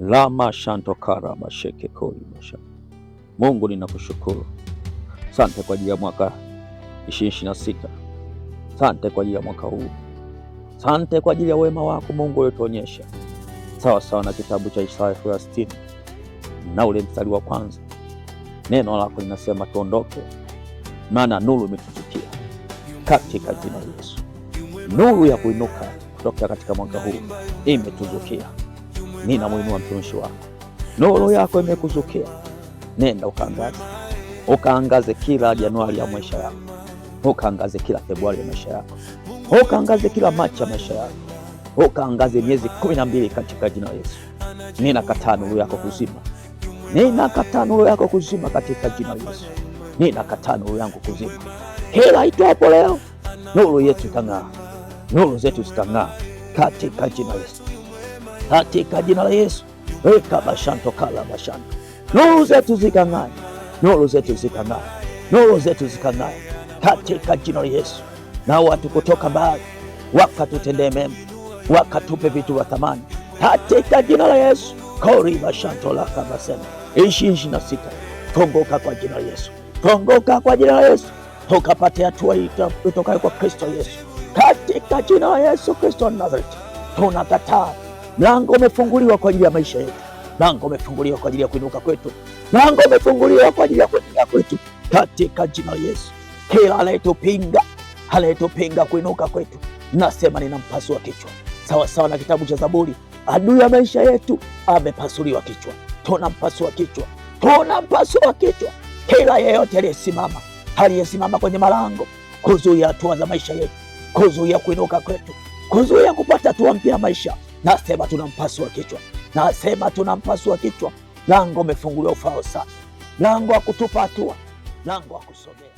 lama kara masheke koi masha. Mungu ninakushukuru, sante kwa ajili ya mwaka sita, sante kwa ajili ya mwaka huu, sante kwa ajili ya wema wako Mungu uliotuonyesha, sawa sawa na kitabu cha Isaya sura ya na ule mstari wa kwanza, neno lako linasema tuondoke, maana nuru imetufikia. Katika jina la Yesu, nuru ya kuinuka kutoka katika mwaka huu imetuzukia wa mtumishi wako. Nuru yako imekuzukia, nenda ukaangaze, ukaangaze kila Januari ya maisha yako, ukaangaze kila Februari ya maisha yako, ukaangaze kila Machi ya maisha yako, ukaangaze miezi kumi na mbili katika jina la Yesu. Ninakataa nuru yako kuzima, ninakataa nuru yako kuzima katika jina la Yesu. Ninakataa nuru yangu kuzima, kila itwapo leo nuru yetu itang'aa, nuru zetu zitang'aa katika jina la Yesu katika jina la Yesu. Weka eh, bashanto kala bashanto, nuru zetu zikang'ae, nuru zetu zikang'ae, nuru zetu zikang'ae katika jina la Yesu. Na watu kutoka mbali wakatutendee mema, wakatupe vitu vya thamani katika jina la Yesu. kori bashanto laka basema ishi ishi na sita kongoka kwa jina la Yesu, kongoka kwa jina la Yesu, ukapate hatua itokayo kwa Kristo Yesu, katika jina la Yesu Kristo wa Nazareti tunakataa Mlango umefunguliwa kwa ajili ya maisha yetu. Mlango umefunguliwa kwa ajili ya kuinuka kwetu. Mlango umefunguliwa kwa ajili ya kuinuka kwetu katika jina la Yesu. Kila anayetupinga anayetupinga kuinuka kwetu, nasema ninampasua kichwa sawasawa na kitabu cha Zaburi. Adui ya maisha yetu amepasuliwa kichwa, tunampasua kichwa, tunampasua kichwa. Kila yeyote aliyesimama aliyesimama kwenye malango kuzuia hatua za maisha yetu, kuzuia kuinuka kwetu, kuzuia kupata hatua mpya ya maisha Nasema tunampasua kichwa, nasema tunampasua kichwa. Lango umefunguliwa sasa, lango akutupa hatua, lango akusogea.